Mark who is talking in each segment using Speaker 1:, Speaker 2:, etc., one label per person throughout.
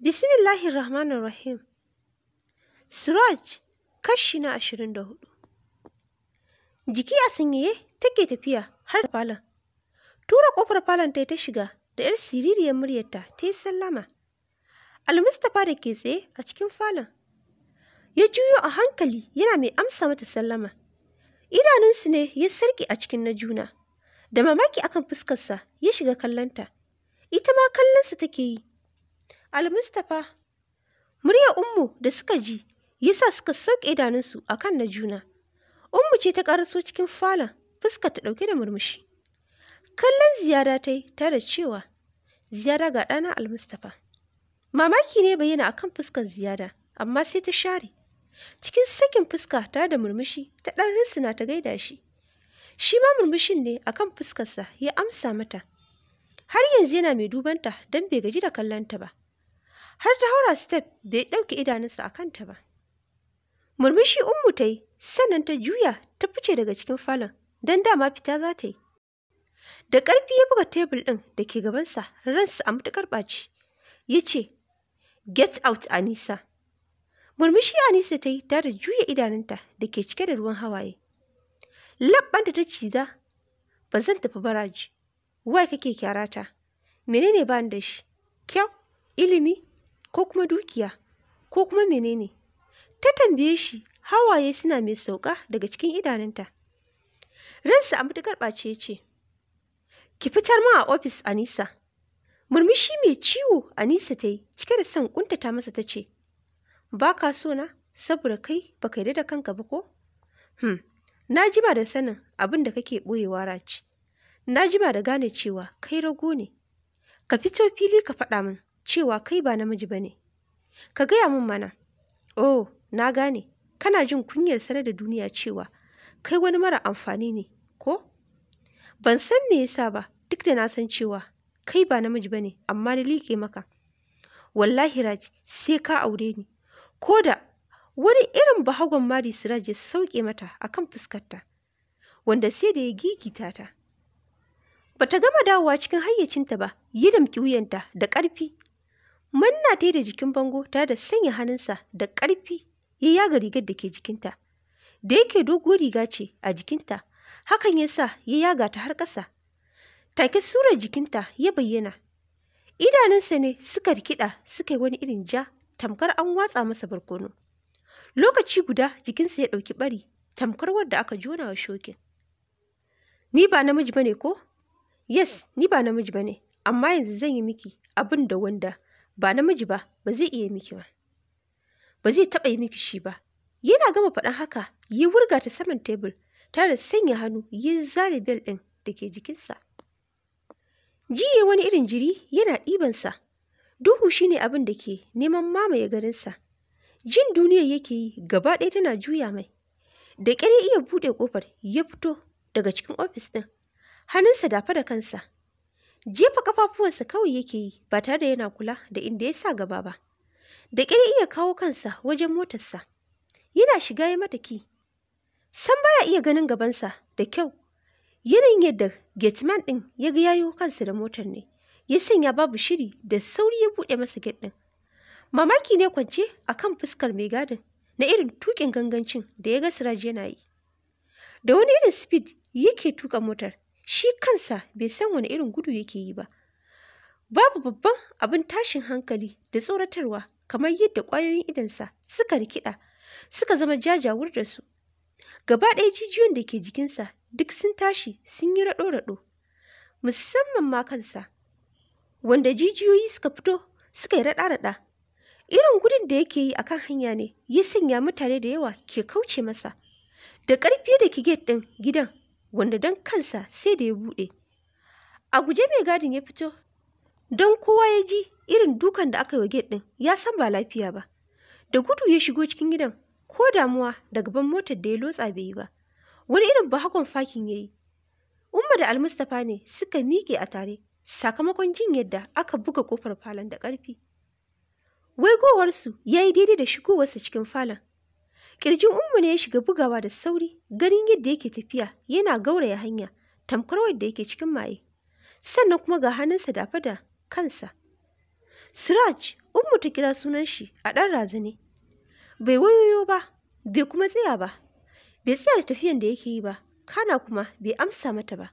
Speaker 1: Bismillahir Rahmanir Rahim. Suraj, kashi na ashirin da hudu. Jiki a sanyaye take tafiya har da falon. Tura kofar falon ta ta shiga da ‘yar siririyar muryarta ta yi sallama. mustafa da ke tsaye a cikin falon. Ya juyo a hankali yana mai amsa mata sallama. Idanunsu ne ya sarki a cikin na juna. Da mamaki akan fuskarsa ya shiga kallonta. Ita ma kallonsa take yi. almustapha murya ummu da suka ji yasa suka sauke idanunsu a kan na juna ummu ce ta karaso cikin falon fuska ta ɗauke da murmushi kallon ziyara ta yi tare cewa ziyara ga ɗana almustapha mamaki ne bayyana akan kan fuskar ziyara amma sai ta share cikin sakin fuska tare da murmushi ta ɗan rinsuna ta gaida shi shi ma murmushin ne akan fuskarsa ya amsa mata har yanzu yana mai dubanta don bai gaji da kallonta ba har ta haura step bai ɗauke idanunsa a kanta ba. Murmushi Ummu ta yi, sannan ta juya ta fice daga cikin falon, don dama fita za ta yi. Da ƙarfi ya buga tebul ɗin da ke gabansa ransa a matuƙar ɓaci, ya ce, Get out Anisa. Murmushi Anisa ta yi ta da juya idanunta da ke cike da ruwan hawaye. Labban da ta ciza, ba zan tafi baraji, wai kake kyarata, menene ba da shi, kyau, ilimi, ko kuma dukiya ko kuma menene ta tambaye shi hawaye suna mai sauka daga cikin idanunta ransa a matuƙar ɓace ya ce ki fitar ma a ofis anisa murmushi mai ciwo anisa ta yi cike da son ƙuntata masa ta ce ba ka so na saboda kai ba ka yarda da kanka ba ko hmm na jima da sanin abin da kake ɓoyewa raci na jima da gane cewa kai rago ne ka fito fili ka faɗa min cewa kai ba namiji ba ne ka gaya min mana oh na gane kana jin kunyar sanar da duniya cewa kai wani mara amfani ne ko ban san me yasa ba duk da na san cewa kai ba namiji ba ne amma na liƙe maka wallahi raj sai ka aure ni ko da wani irin bahagon mari siraj ya sauke mata kan fuskarta wanda sai da ya gigita ta bata gama dawowa cikin hayyacinta ba yi damƙi wuyanta da ƙarfi Manna ta da jikin bango tare da sanya hannunsa da ƙarfi ya yaga rigar da ke jikinta. Da yake doguwar riga ce a jikinta, hakan ya sa ya yaga ta har ƙasa. Take surar jikinta ya bayyana. Idanunsa ne suka rikida suka yi wani irin ja tamkar an watsa masa barkono. Lokaci guda jikinsa ya ɗauki ɓari tamkar wadda aka jona wa shokin. Ni ba namiji bane ko? Yes, ni ba namiji bane, amma yanzu zan yi miki abin da wanda ba namiji ba ba zai iya miki ba ba zai taɓa yi miki shi ba yana gama faɗan haka yi wurga ta saman tebur tare da sanya hannu yi zare bel ɗin da ke jikinsa jiye wani irin jiri yana ɗibansa duhu shine abin da ke neman mamaye garinsa jin duniyar yake yi gaba ɗaya tana juya mai da ƙyar iya buɗe ƙofar ya fito daga cikin ofis ɗin hannunsa dafa da kansa jefa ƙafafuwansa kawai yake yi ba tare da yana kula da inda ya sa gaba ba da ƙyar iya kawo kansa wajen motarsa yana shiga ya mata ki san baya iya ganin gabansa da kyau yanayin yadda gateman ɗin ya ga yayo kansa da motar ne ya sanya babu shiri da sauri ya buɗe masa get ɗin mamaki ne kwance a kan fuskar mai gadin na irin tuƙin gangancin da ya ga siraji yana yi da wani irin speed yake tuka motar shi kansa bai san wani irin gudu yake yi ba babu babban abin tashin hankali da tsoratarwa kamar yadda ƙwayoyin idansa suka rikida suka zama jajawur da su gaba ɗaya jijiyoyin da ke jikinsa duk sun tashi sun yi raɗo-raɗo musamman ma kansa wanda jijiyoyi suka fito suka yi raɗa-raɗa irin gudun da yake yi akan hanya ne ya sanya mutane da yawa ke kauce masa da ƙarfi da ke gate ɗin gidan wanda don kansa sai da ya bude. A guje mai gadin ya fito, don kowa ya ji irin dukan da aka yi wa gate ɗin ya san ba lafiya ba. Da gudu ya shigo cikin gidan ko damuwa da gaban motar da ya lotsa bai yi ba. Wani irin ba hakon fakin ya yi. Umma da Almustapha ne suka miƙe a tare sakamakon jin yadda aka buga kofar falon da ƙarfi. Waigowarsu ya yi daidai da shigowarsa cikin falon. Kirjin Ummu ne ya shiga bugawa da sauri, ganin yadda yake tafiya yana gauraya hanya, tamkar wadda yake cikin maye. Sannan kuma ga hannunsa dafa da kansa. Siraj, Ummu ta kira sunan shi a ɗan razane. Bai wayoyo ba, bai kuma tsaya ba, bai tsaya da tafiyan da yake yi ba, kana kuma bai amsa mata ba.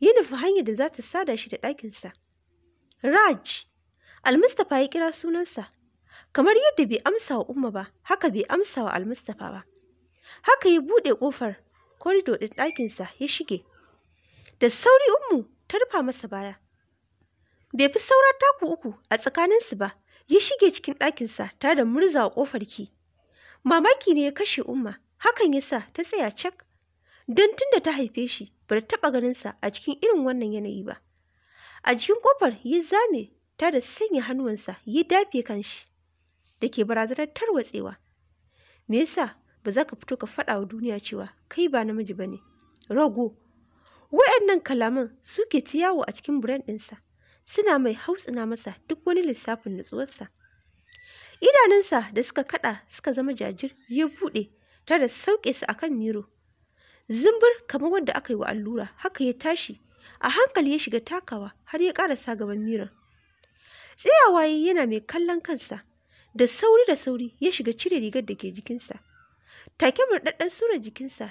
Speaker 1: Ya nufi hanyar da za ta sada shi da ɗakinsa. Raj, Almustapha ya kira sunansa kamar yadda bai amsa wa umma ba haka bai amsa wa almustapha ba haka ya buɗe ƙofar korido ɗin ɗakinsa ya shige da sauri ummu ta rufa masa baya bai fi saura taku uku a tsakaninsu ba ya shige cikin ɗakinsa ta da murza wa ƙofar ki mamaki ne ya kashe umma hakan ya sa ta tsaya cak don tunda ta haife shi bar taɓa ganinsa a cikin irin wannan yanayi ba a jikin ƙofar ya zame ta da sanya hannuwansa ya dafe kanshi da ke barazanar tarwatsewa me yasa ba za ka fito ka faɗa wa duniya cewa kai ba namiji ba ne rago wa'annan kalaman suke ta yawo a cikin buren ɗinsa suna mai hautsina masa duk wani lissafin nutsuwarsa idanunsa da suka kaɗa suka zama jajir ya buɗe tare da sauke su akan miro zumbur kamar wanda aka yi wa allura haka ya tashi a hankali ya shiga takawa har ya ƙarasa gaban miran. tsayawa yana mai kallon kansa da sauri da sauri ya shiga cire rigar da ke jikinsa take murɗaɗɗen surar jikinsa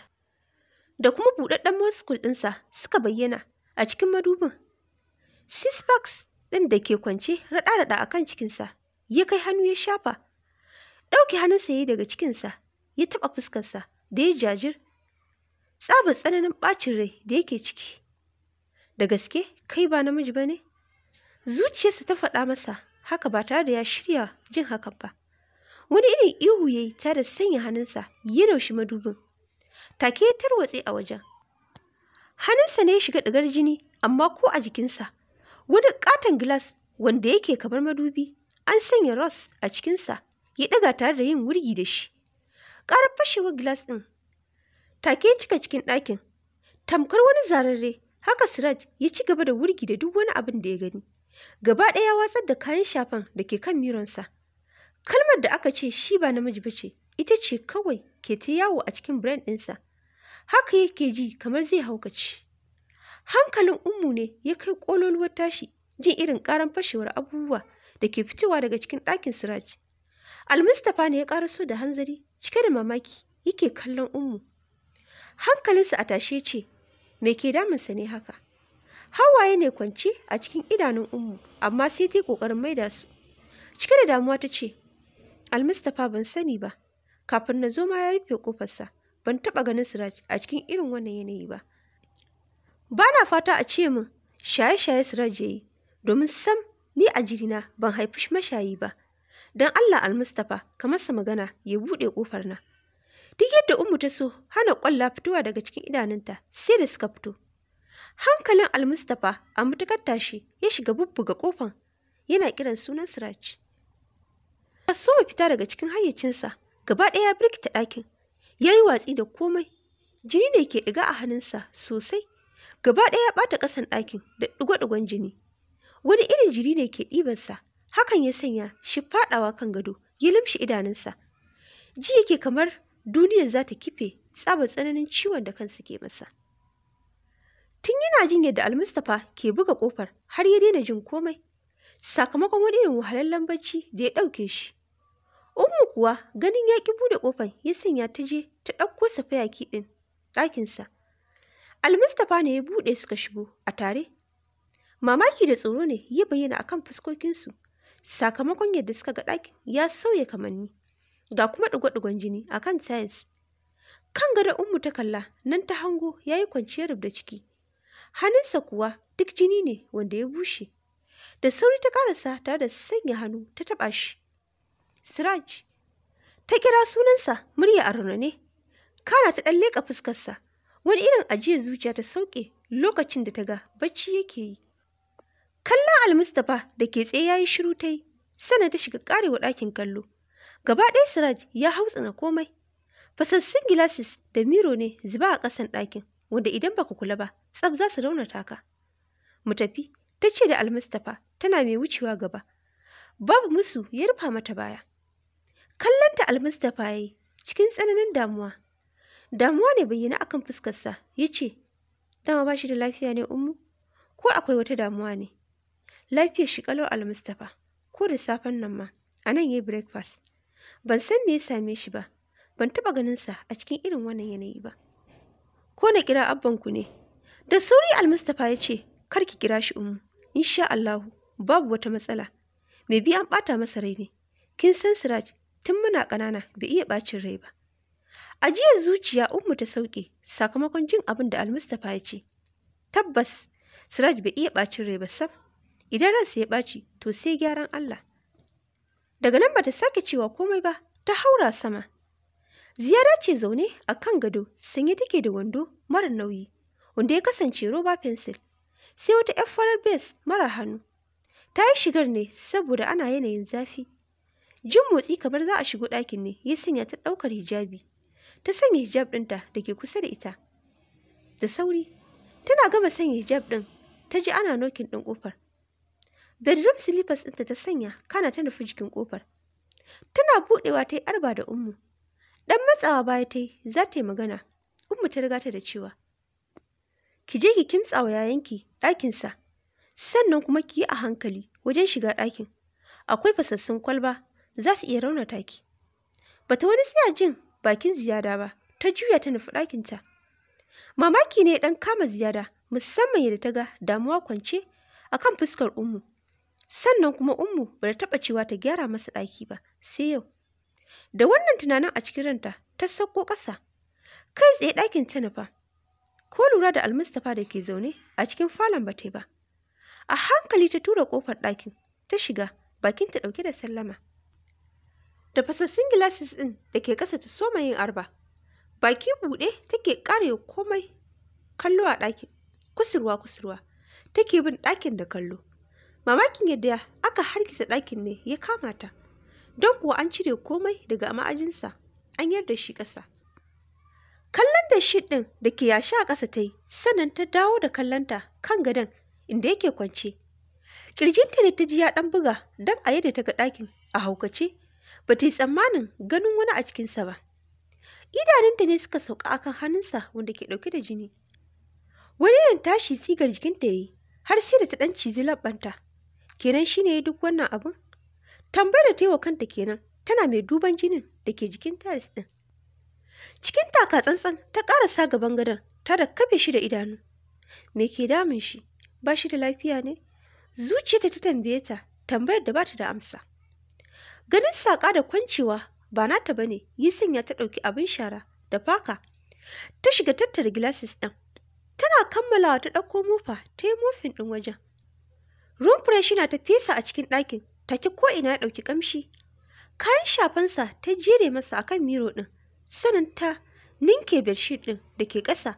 Speaker 1: da kuma buɗaɗɗen moskul ɗinsa suka bayyana a cikin madubin Sisfax ɗin da ke kwance raɗa-raɗa a kan cikinsa ya kai hannu ya shafa Ɗauki hannunsa ya yi daga cikinsa ya taɓa fuskarsa da ya jajir tsabar tsananin ɓacin rai da yake ciki da gaske kai ba namiji ba ne zuciyarsa ta faɗa masa haka ba tare da ya shirya jin hakan ba wani irin ihu ya yi tare da sanya hannunsa ya daushi madubin take ya tarwatse a wajen hannunsa ne ya shiga ɗigar jini amma ko a jikinsa wani ƙaton gilas wanda yake kamar madubi an sanya ros a cikinsa ya ɗaga tare da yin wurgi da shi ƙarar fashewar gilas ɗin take ya cika cikin ɗakin tamkar wani zararre haka siraj ya ci gaba da wurgi da duk wani abin da ya gani gaba ɗaya watsar da kayan shafan da ke kan mironsa kalmar da aka ce shi ba namiji ba ce ita ce kawai ke ta yawo a cikin brain ɗinsa haka yake ji kamar zai haukaci hankalin ummu ne ya kai ƙololuwar tashi jin irin ƙaran fashewar abubuwa da ke fitowa daga cikin ɗakin siraji almustapha ne ya ƙara so da hanzari cike da mamaki yake kallon ummu hankalinsa a tashe ce me ke damunsa ne haka hawaye ne kwance a cikin idanun Umu, amma sai ta yi ƙoƙarin maida su cike da damuwa ta ce almustapha ban sani ba kafin na zo ma ya rufe ƙofarsa ban taɓa ganin siraj a cikin irin wannan yanayi ba ba na fata a ce min shaye-shaye siraj ya yi domin sam ni a jirina ban haifi mashayi ba don allah almustapha kamar sa magana ya buɗe ƙofar na duk yadda Umu ta so hana ƙwalla fitowa daga cikin idanunta sai da suka fito Hankalin Almustapha a matukar tashi ya shiga bubbuga kofan yana kiran sunan Siraj. Ya so fita daga cikin hayyacinsa gaba ɗaya ya birkita ɗakin ya yi watsi da komai jini ne ke ɗiga a hannunsa sosai gaba ɗaya ya ɓata ƙasan ɗakin da ɗigo jini. Wani irin jini ne ke ɗibarsa hakan ya sanya shi faɗawa kan gado ya limshi idanunsa. Ji yake kamar duniyar za ta kife tsabar tsananin ciwon da kansa ke masa. Tun yana jin yadda Almustapha ke buga kofar har ya daina jin komai. Sakamakon wani irin wahalallen bacci da ya ɗauke shi. Umu kuwa ganin ya ƙi buɗe kofar ya sanya ta je ta ɗauko safiya ki ɗin ɗakinsa. Almustapha ne ya buɗe suka shigo a tare. Mamaki da tsoro ne ya bayyana akan fuskokinsu sakamakon yadda suka ga ɗakin ya sauya kamanni ga kuma ɗigo-ɗigon jini akan tiles. Kan gadon Umu ta kalla nan ta hango ya yi kwanciyar da ciki hannunsa kuwa duk jini ne wanda ya bushe da sauri ta karasa tare da sanya hannu ta taɓa shi siraj ta kira sunansa murya a ne. kana ta ɗan leƙa fuskarsa wani irin ajiyar zuciya ta sauƙe lokacin da ta ga bacci yake yi kallon almustapha da ke tsaye ya yi shiru ta yi sannan ta shiga karewa ɗakin kallo gaba ɗaya siraj ya hautsina komai fasassun gilasis da miro ne zuba a ƙasan ɗakin wanda idan baka kula ba tsab za su raunata ka mu tafi ta ce da almustapha tana mai wucewa gaba babu musu ya rufa mata baya kallonta almustapha ya yi cikin tsananin damuwa damuwa ne bayyana akan fuskarsa ya ce dama ba shi da lafiya ne ummu ko akwai wata damuwa ne lafiyar shi kalau almustapha ko da safen nan ma a nan ya yi breakfast ban san me ya same shi ba ban taɓa ganinsa a cikin irin wannan yanayi ba ko na kira abban ne da sauri almustapha ya ce kar ki kira shi ummu insha Allahu babu wata matsala mai bi an bata masa rai ne kin san siraj tun muna ƙanana bai iya bacin rai ba ajiyar zuciya ummu ta sauke sakamakon jin abin da almustapha ya ce tabbas siraj bai iya bacin rai ba sam idan ransa ya ɓaci to sai gyaran Allah daga nan bata sake cewa komai ba ta haura sama Ziyara ce zaune a kan gado sanye take da wando mara nauyi wanda ya kasance roba fensil sai wata 'yar farar bes mara hannu. Ta yi shigar ne saboda ana yanayin zafi. Jin motsi kamar za a shigo ɗakin ne ya sanya ta ɗaukar hijabi. Ta sanya hijab ɗinta da ke kusa da ita. Da sauri, tana gama sanya hijab ɗin ta ji ana nokin ɗin ƙofar. Bedroom slippers ɗinta ta sanya kana ta nufi jikin ƙofar. Tana buɗewa ta yi arba da ummu. dan matsawa baya ta yi za ta yi magana ummu ta riga ta da cewa ki je ki kimtsa wa yayanki ɗakinsa sannan kuma ki yi a hankali wajen shiga ɗakin akwai fasassun kwalba za su iya raunata ki bata wani tsaya jin bakin ziyada ba ta juya ta nufi ɗakinta mamaki ne ɗan kama ziyada musamman yadda ta ga damuwa kwance a kan fuskar ummu sannan kuma ummu ba ta taɓa cewa ta gyara masa ɗaki ba sai yau da wannan tunanin a cikin ranta ta sauko ƙasa kai tsaye ɗakin ta ko lura da almustapha da ke zaune a cikin falon yi ba a hankali ta tura ƙofar ɗakin ta shiga bakin ta ɗauke da sallama da fasassun gilasis ɗin da ke ƙasa ta soma yin arba baki buɗe take ƙare komai kallo a ɗakin kusurwa kusurwa take bin ɗakin da kallo mamakin yadda aka harkisa ɗakin ne ya kama ta don kuwa an cire komai daga ma'ajinsa an yarda shi ƙasa kallon da shi ɗin da ke yashi a ƙasa ta yi sannan ta dawo da kallonta kan gadon inda yake kwance kirjinta ne ta ji ya ɗan buga don a yadda ta ga ɗakin a haukace ba ta yi tsammanin ganin wani a cikinsa ba idanunta ne suka sauka a kan hannunsa wanda ke ɗauke da jini wani irin tashi tsigar jikinta ya yi har sai da ta ɗan cizi labbanta kenan shi ya duk wannan abin tambayar da ta yi wa kanta kenan tana mai duban jinin da ke jikin taris ɗin cikin taka tsantsan ta ƙarasa gaban gadon ta da kafe shi da idanu me ke damun shi ba shi da lafiya ne zuciyarta ta tambaye ta tambayar da bata da amsa ganin saƙa da kwancewa ba nata ne yi sanya ta ɗauki abin shara da faka ta shiga tattara gilasis ɗin tana kammalawa ta ɗauko mofa ta yi mofin ɗin wajen room shi na ta fesa a cikin ɗakin take ko ina ya ɗauki ƙamshi kayan shafansa ta jere masa akan miro ɗin sanin ta ninke bedsheet ɗin da ke ƙasa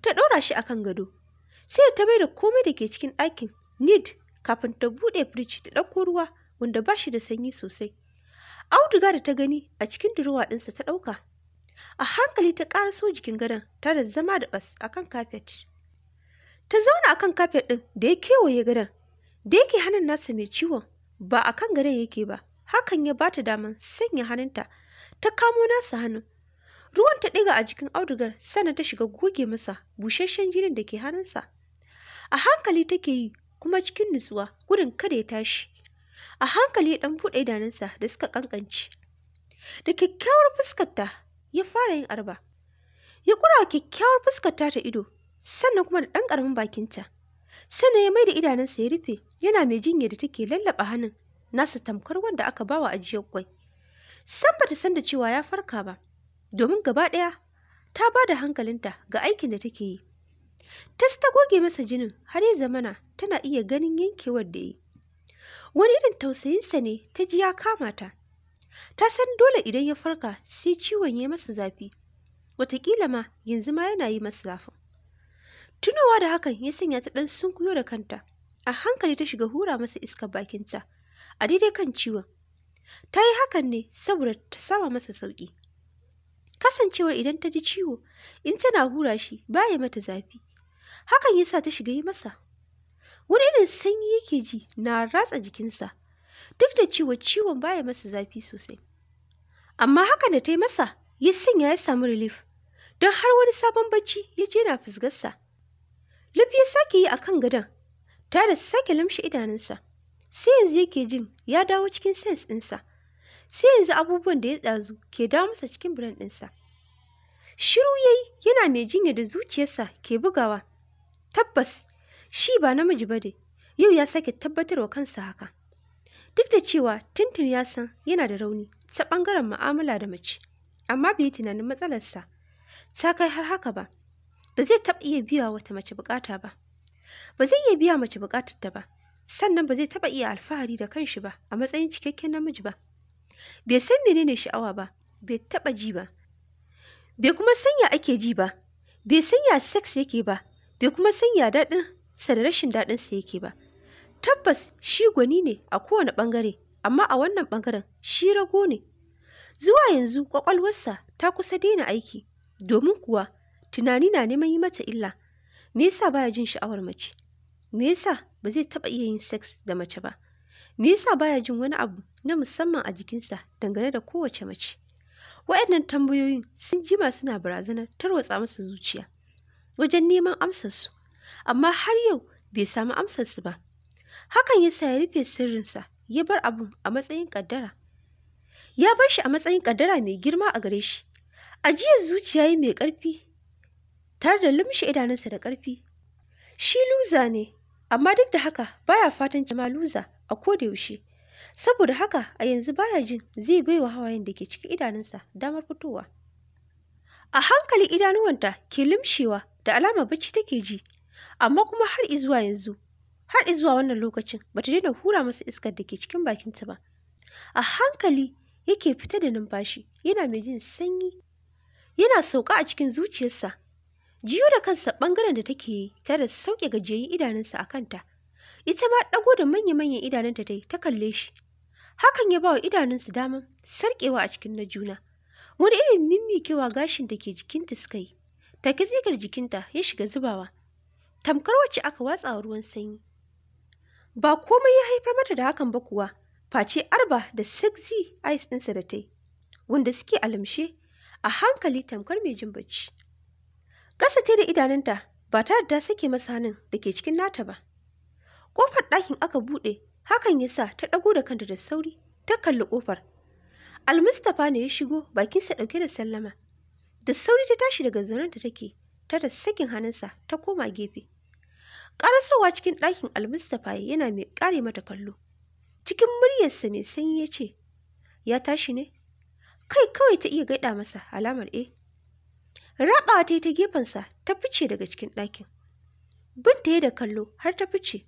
Speaker 1: ta ɗaura shi akan gado sai ta bai da komai da ke cikin ɗakin need kafin ta buɗe firij da ɗauko ruwa wanda ba shi da sanyi sosai auduga da ta gani a cikin durowa ɗinsa ta ɗauka a hankali ta karaso jikin gadon tare zama da bas akan kafet ta zauna akan kafet ɗin da ya kewaye gadon da yake hannun nasa mai ciwon ba a kan gadon yake ba hakan ya ba ta daman sanya hannunta ta kamo nasa hannu. ruwan ta ɗiga a jikin audugar sannan ta shiga goge masa busasshen jinin da ke hannunsa a hankali take yi kuma cikin nutsuwa gudun kada ya tashi a hankali ya ɗan buɗe idanunsa da suka ƙanƙanci da kyakkyawar fuskarta ya fara yin arba ya ƙura kyakkyawar fuskarta ta ido sannan kuma da ɗan ƙaramin bakinta sana ya mai da idanunsa ya rufe yana mai jinya da take lallaba hannun nasa tamkar wanda aka bawa ajiyar kwai san bata san da cewa ya farka ba domin gaba ɗaya ta ba da hankalinta ga aikin da take yi ta ta goge masa jinin har ya zamana tana iya ganin yankewar da yi wani irin tausayinsa ne ta ji ya kama ta ta san dole idan ya farka sai ciwon ya masa zafi wataƙila ma yanzu ma yana yi masa zafin Tunawa da hakan ya sanya ta ɗan sunkuyo da kanta. A hankali ta shiga hura masa iskar bakinta a daidai kan ciwon. Ta yi hakan ne saboda ta sama masa sauƙi. Kasancewar idan ta ji ciwo, in tana hura shi baya mata zafi. Hakan ya sa ta shiga yi masa. Wani irin sanyi yake ji na ratsa jikinsa, duk da cewa ciwon baya masa zafi sosai. Amma hakan da ta yi masa ya sanya ya samu relief, don har wani sabon bacci ya je na fusgarsa. Lufi ya sake yi a kan gadon, tare sake lamshi idanunsa. Sai yanzu yake jin ya dawo cikin sens ɗinsa. Sai yanzu abubuwan da ya tsazu ke dawo masa cikin biran ɗinsa. Shiru yayi yana mai jinya da zuciyarsa ke bugawa. Tabbas, shi ba namiji ba dai, yau ya sake tabbatarwa kansa haka. Duk da cewa Tintin ya san yana da rauni ta ɓangaren mu'amala da mace, amma bai yi tunanin matsalarsa ta kai har haka ba. ba zai taɓa iya biya wata mace bukata ba ba zai iya biya mace bukatar ta ba sannan ba zai taɓa iya alfahari da kanshi ba a matsayin cikakken namiji ba bai san menene sha'awa ba bai taɓa ji ba bai kuma sanya ake ji ba bai sanya sex yake ba bai kuma sanya daɗin sa da rashin daɗin sa yake ba tabbas shi gwani ne a kowane ɓangare amma a wannan bangaren shi rago ne zuwa yanzu kwakwalwarsa ta kusa daina aiki domin kuwa tunani na neman yi mata illa me yasa baya jin sha'awar mace me yasa ba zai taɓa iya yin sex da mace ba me yasa baya jin wani abu na musamman a jikinsa dangane da kowace mace waɗannan tambayoyin sun jima suna barazanar tarwatsa masa zuciya wajen neman amsarsu amma har yau bai samu amsarsu ba hakan ya sa ya rufe sirrinsa ya bar abu a matsayin kaddara ya bar shi a matsayin kaddara mai girma a gare shi ajiyar zuciya mai ƙarfi tare da lumshe idanunsa da ƙarfi. Shi luza ne, amma duk da haka baya fatan cima luza a koda yaushe. Saboda haka a yanzu baya jin zai baiwa hawayen da ke cikin idanunsa damar fitowa. A hankali idanuwanta ke limshewa da alama bacci take ji, amma kuma har izuwa yanzu, har izuwa wannan lokacin bata daina hura masa iskar da ke cikin bakinta ba. A hankali yake fita da numfashi yana mai jin sanyi yana sauka a cikin zuciyarsa jiyo da kansa ɓangaren da take yi ta da sauke gajiyayyen idanunsa a kanta ita ma ɗago da manya-manyan idanunta ta yi ta kalle shi hakan ya ba wa idanunsu daman sarƙewa a cikin na juna wani irin mimmikewa gashin da ke jikinta suka yi take zigar jikinta ya shiga zubawa tamkar wacce aka watsa ruwan sanyi ba komai ya haifar mata da hakan ba kuwa face arba da sexy ice ɗinsa da ta yi wanda suke alamshe a hankali tamkar mai jin bacci Ƙasa ta da idanunta ba ta da sake masa hannun da ke cikin nata ba. Ƙofar ɗakin aka buɗe, hakan ya sa ta ɗago da kanta da sauri, ta kalli kofar Almustapha ne ya shigo bakinsa ɗauke da sallama. Da sauri ta tashi daga zaren da take, ta da sakin hannunsa ta koma gefe. Ƙarasowa cikin ɗakin Almustapha yana mai ƙare mata kallo. Cikin muryarsa mai sanyi ya ce, Ya tashi ne? Kai kawai ta iya gaida masa alamar E. raba ta ta gefensa ta fice daga cikin ɗakin binta ya da kallo har ta fice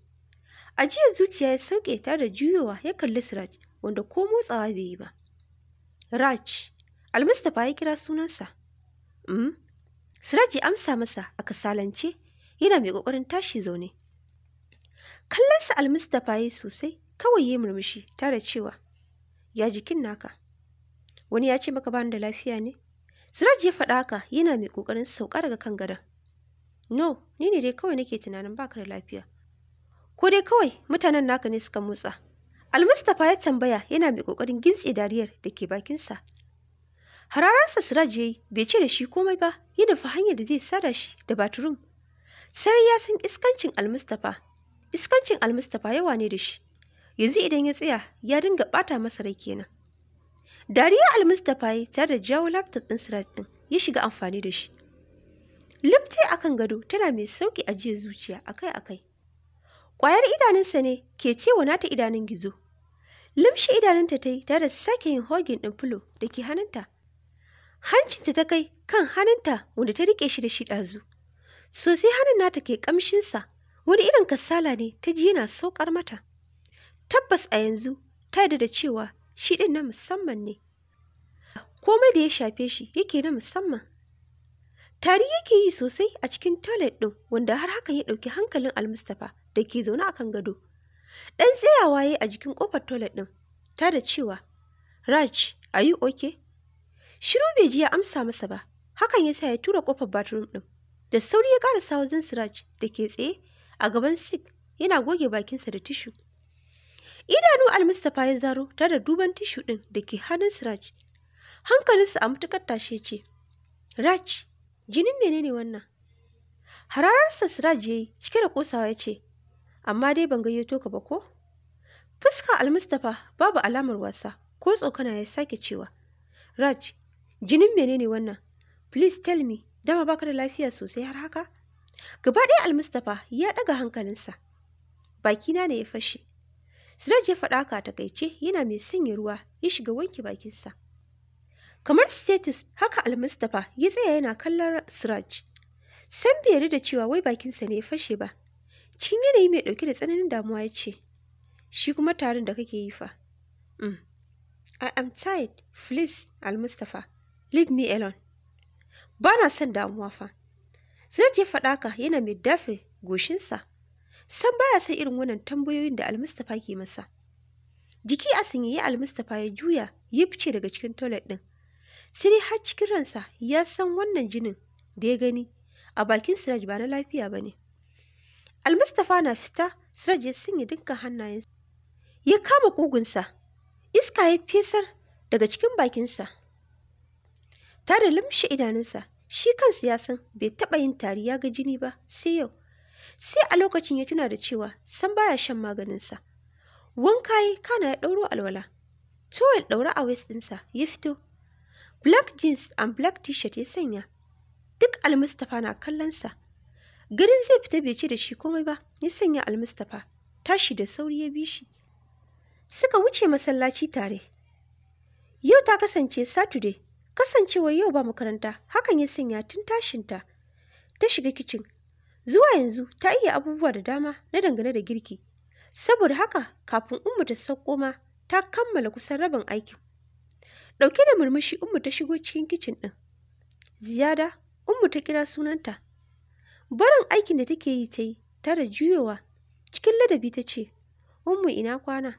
Speaker 1: a jiya zuciya ya sauke tare da juyowa ya kalli siraj wanda ko motsawa bai yi ba raj almustapha ya kira sunansa mm siraj ya amsa masa a kasalance yana mai kokarin tashi zaune kallonsa almustapha ya sosai kawai ya murmushi tare cewa ya jikin naka wani ya ce maka bani da lafiya ne Siraj ya faɗa haka yana mai ƙoƙarin sauka daga kan gadon. No, ni ne dai kawai nake tunanin baka da lafiya. Ko dai kawai mutanen naka ne suka motsa. Almustapha ya tambaya yana mai ƙoƙarin gintse dariyar da ke bakinsa. Harararsa Siraj ya yi bai ce da shi komai ba Yi nufi hanyar da zai sada shi da baturum. Sai ya san iskancin Almustapha. Iskancin Almustapha yawa ne da shi. Yanzu idan ya tsaya ya dinga ɓata masa rai kenan. dariya almustapha ya tare da jawo laptop ɗin sirat ɗin ya shiga amfani da shi a kan gado tana mai sauki ajiye zuciya akai-akai ƙwayar idanunsa ne ke cewa nata idanun gizo limshi idanunta ta yi tare da sake yin hogin ɗin filo da ke hannunta hancinta ta kai kan hannunta wanda ta riƙe shi da shi ɗazu sosai hannun nata ke ƙamshinsa wani irin kasala ne ta ji yana saukar mata tabbas a yanzu ta yarda da cewa shi ɗin na musamman ne komai da ya shafe shi yake na musamman tari yake yi sosai a cikin toilet ɗin wanda har haka ya ɗauki hankalin almustapha da ke zaune a kan gado ɗan tsayawa ya a jikin ƙofar toilet ɗin ta da cewa raj a yi oke shiru bai ji ya amsa masa ba hakan ya sa ya tura ƙofar bathroom ɗin da sauri ya ƙarasa wajen siraj da ke tsaye a gaban sik yana goge bakinsa da tishu idanu almustapha ya zaro tare da duban tishu din da ke hannun siraj hankalinsa a matuƙar tashe ce raj jinin menene wannan hararsa siraj ya yi cike da ƙosawa ya ce amma dai ban gayyato ka ba ko fuska almustapha babu alamar wasa ko tsokana ya sake cewa raj jinin menene wannan please tell me dama baka da lafiya sosai har haka gaba ɗaya almustapha ya ɗaga hankalinsa bakina ne ya fashe Siraj ya faɗa ka takaice yana mai sanya ruwa ya shiga wanke bakinsa. Kamar status haka Almustapha ya tsaya yana kallon Siraj. san bai yarda cewa wai bakinsa ne ya fashe ba. Cikin yanayi mai ɗauke da tsananin damuwa ya ce, Shi kuma tarin da kake yi fa. Mm. I am tired, please, Almustapha. Leave me alone. Ba na son damuwa fa. Siraj ya faɗa ka yana mai dafe goshinsa. san baya san irin wannan tambayoyin da almustafa ke masa jiki a sanyaye almustafa ya juya ya fice daga cikin toilet din sai har cikin ransa ya san wannan jinin da ya gani a bakin siraj ba na lafiya ba ne na fita siraj ya sanya dukkan hannayensa ya kama kugunsa iska ya fesar daga cikin bakinsa ta da limshe idanunsa shi kansa ya san bai taɓa yin tari ya ga jini ba sai yau sai a lokacin ya tuna da cewa san baya shan maganinsa wanka yi kana ya ɗauro alwala towel ɗaura a waist ɗinsa ya fito black jeans and black t-shirt ya sanya duk almustapha na kallonsa garin zai fita bai ce da shi komai ba ya sanya almustapha tashi da sauri ya bi shi suka wuce masallaci tare yau ta kasance saturday kasancewa yau ba makaranta hakan ya sanya tun tashinta ta shiga kicin Zuwa yanzu ta iya abubuwa da dama na dangane da girki. Saboda haka kafin Umu ta sauko ma ta kammala kusan rabin aikin. Ɗauke da murmushi Umu ta shigo cikin kicin ɗin. Ziyada Umu ta kira sunanta. Barin aikin da take yi ta yi tara juyowa cikin ladabi ta ce, Ummu ina kwana.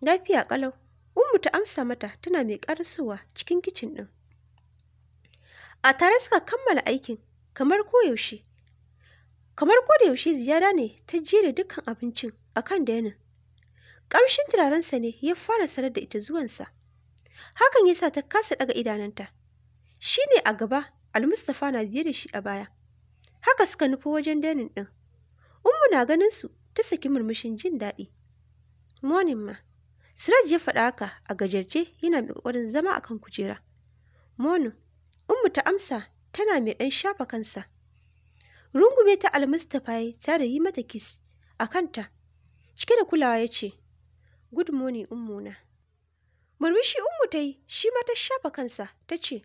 Speaker 1: Lafiya ƙalau. Umu ta amsa mata tana mai ƙarasowa cikin kicin ɗin. A tare suka kammala aikin kamar koyaushe. kamar ko yaushe ziyara ne ta jere dukkan abincin a akan dainin ƙamshin turarensa ne ya fara sanar da ita zuwansa hakan ya sa ta kasa daga idananta shi ne a gaba almustapha na biye da shi a baya haka suka nufi wajen dainin ɗin Umu na ganin su ta saki murmushin jin daɗi monin ma siraj ya faɗa haka a gajarce yana mai ƙoƙarin zama a kan kujera monin Umu ta amsa tana mai ɗan shafa kansa rungume ta almustapha ta tare yi mata kis a kanta cike da kulawa ya ce good morning ummuna murmushi ummu ta yi shi ma ta shafa kansa ta ce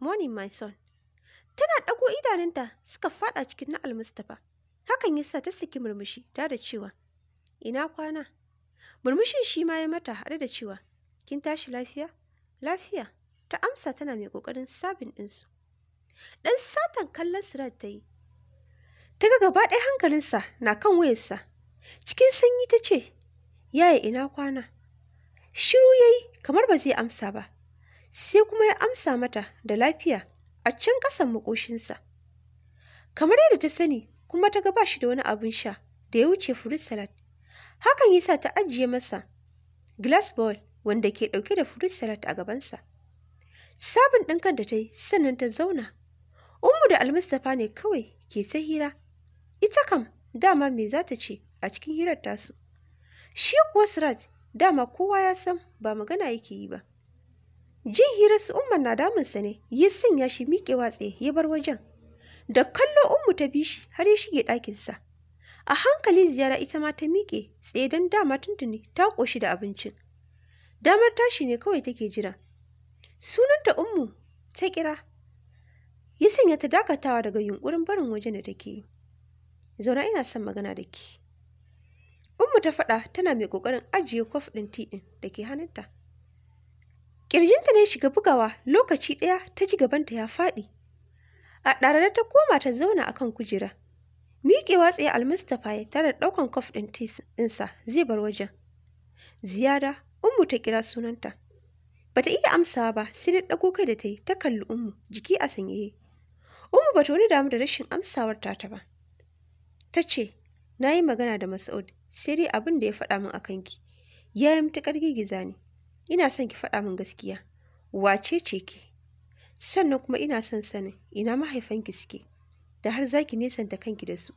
Speaker 1: morning my son tana ɗago idanunta suka faɗa cikin na almustafa hakan ya sa ta saki murmushi ta da cewa ina kwana murmushin shi ma ya mata haɗe da cewa kin tashi lafiya lafiya ta amsa tana mai ƙoƙarin sabin ɗinsu ɗan satan kallon sirat ta yi ta ga gaba ɗaya hankalinsa na kan wayarsa cikin sanyi ta ce yaya ina kwana shiru ya yi kamar ba zai amsa ba sai kuma ya amsa mata da lafiya a can ƙasan makoshinsa kamar yadda ta sani kuma ta ga ba shi da wani abin sha da ya wuce fruit salad hakan yasa ta ajiye masa glass bowl wanda ke ɗauke da fruit salad a gabansa sabon ɗinkan da ta yi sannan ta zauna Ummu da Almustapha ne kawai ke ta hira ita kam dama me za ta ce a cikin hirar tasu shi kuwa Siraj dama kowa ya san ba magana yake yi ba jin hirar su umman na damunsa ne ya sanya shi miƙe watse ya bar wajen da kallo ummu ta bi shi har ya shige ɗakinsa a hankali ziyara ita ma ta miƙe tsaye don dama tuntuni ta ƙoshi da abincin damar tashi ne kawai take jira sunanta ummu ta kira ya sanya ta dakatawa daga yunkurin barin wajen da take yi zauna ina son magana da ke Umu ta faɗa tana mai ƙoƙarin ajiye kwaf ɗin ti ɗin da ke hannunta ƙirjinta ne shiga bugawa lokaci ɗaya ta ji gabanta ya faɗi a da, ta koma ta zauna akan kujera miƙewa tsaye almustapha ya tare ɗaukan kwaf ɗin ɗinsa zai bar wajen ziyara ummu ta kira sunanta bata iya amsawa ba sai dai ɗago kai da ta yi ta kalli umu jiki a sanyaye Umu bata wani damu da rashin amsawar ta ba ta ce na yi magana da Mas'ud sai dai abin da ya faɗa min a kanki ya yi matuƙar girgiza ni ina son ki faɗa min gaskiya wace ce ke sannan kuma ina son sanin ina mahaifanki suke da har za ki nesanta kanki da su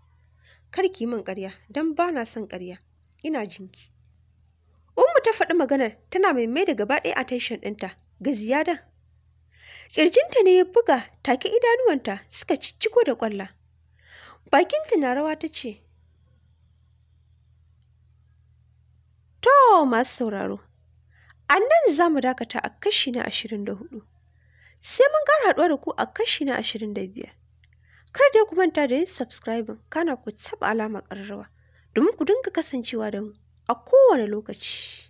Speaker 1: kar ki min karya don ba na son karya. ina jinki ummu ta faɗi maganar tana mai mai da gaba ɗaya attention ɗinta ga ziyada. ƙirjinta ne ya buga take idanuwanta suka cicciko da ƙwalla bakinta na rawa ta ce to masu sauraro a nan za mu dakata a kashi na ashirin da hudu sai mun gara haɗuwa da ku a kashi na ashirin da biyar kar da ku manta da yin subscribe kana ku taɓa alamar ƙararrawa domin ku dinga kasancewa da mu a kowane lokaci